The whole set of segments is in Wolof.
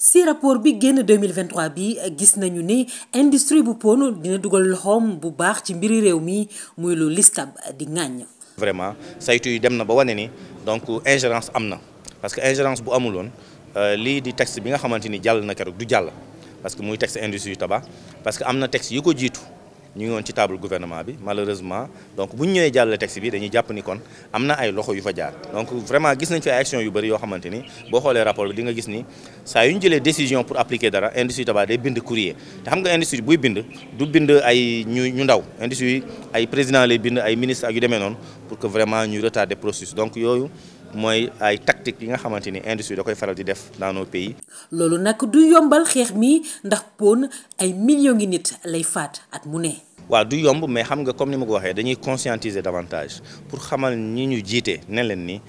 ci rapport bi génn 2023 bi gis nañu ni industrie bu pon dina dugal loxoom bu baax ci mbiri réew mi muy lu listab di ŋàññ vraiment saytu yi dem na ba wane ni donc ingérence am na parce que ingérence bu amuloon euh, lii di texte bi nga xamante ni jàll na keroog du jàll parce que muy texte industrie du tabac parce que am na texte yu ko jiitu ñu ngi woon ci table gouvernement bi malheureusement donc bu ñu ñëwee jàllale texte bi dañuy jàpp ni kon am na ay loxo yu fa jaar donc vraiment gis nañ fi ay action yu bëri yoo xamante ni boo xoolee rapport bi di gis ni saa yu ñu jëlee décision pour appliquer dara industrie tabac day bind courrier te xam nga industrie buy bind du bind ay ñu ndaw industrie ay président lay bind ay ministre ak yu demee noonu pour que vraiment ñu retarder processus ni industrie da koy di def dans waaw du yomb mais xam nga comme ni ma ko waxee dañuy conscientiser davantage pour xamal ñi ñu jiite ne leen ni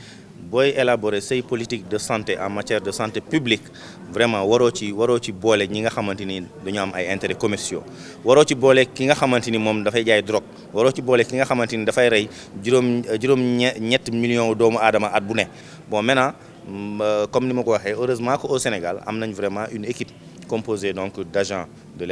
booy élaborer say politique de santé en matière de santé publique vraiment waroo ci waroo ci boole ñi nga xamante ni dañu am ay intérêts commerciaux waroo ci boole ki nga xamante ni moom dafay jaay drogue waroo ci boole ki nga xamante ni dafay rey juróom juróom ñett million doomu aadama at bu ne bon maintenant mm, euh, comme ni ma ko waxee heureusement que au Sénégal am nañ vraiment une équipe composée donc d'agents de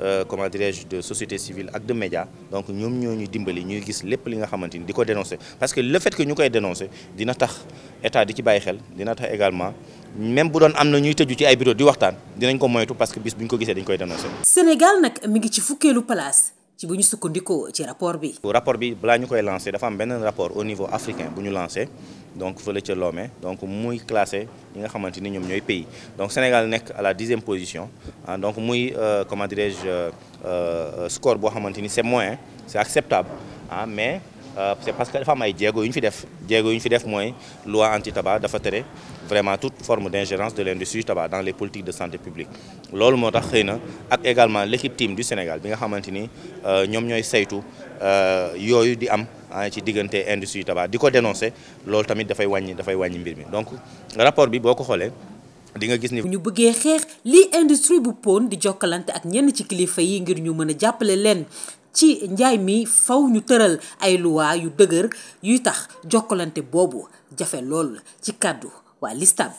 Euh, comment dirais-je de société civile ak de médias donc ñoom ñoo dimbali ñuy gis lépp li nga xamante di ko dénoncer parce que le fait que ñu koy dénoncer dina tax état di ci bàyyi xel dina tax également même bu doon am na ñuy tëju ci ay bureau di waxtaan dinañ ko moytu parce que bis bu ñu ko gisee dañ koy dénoncer. Sénégal nag mi ngi ci fukkeelu place. ci bu ñu sukk sukkandikoo ci rapport bi. rapport bi balaa ñu koy lancé dafa am benn rapport au niveau africain bu ñu lancé donc fële ca Lomé donc muy classé yi nga xamante ni ñoom ñooy pays donc Sénégal nekk à la dixième position ah donc muy euh, comment dirais-je euh, euh, score boo xamante ni c'est moyen c'est acceptable ah mais. Euh, c'est parce que dafa am ay jéego yu ñu fi def jéego yu ñu fi def mooy loi anti tabac dafa tere vraiment toute forme d'ingérence de l'industrie tabac dans les politiques de santé publique loolu moo tax xëy na ak également l'équipe team du Sénégal bi nga xamante ni euh, ñoom ñooy saytu euh, yooyu di am ci diggante industrie tabac di ko dénoncer loolu tamit dafay wàññi dafay wàññi mbir mi donc rapport bi boo ko xoolee di nga gis ni. bu ñu bëggee xeex lii industrie bu di jokkalante ak ñenn ci kilifa yi ngir ñu mën a jàppale leen ci njaay mi faw ñu tëral ay luwaa yu dëgër yuy tax jokkalante boobu jafe lool ci kàddu waa listab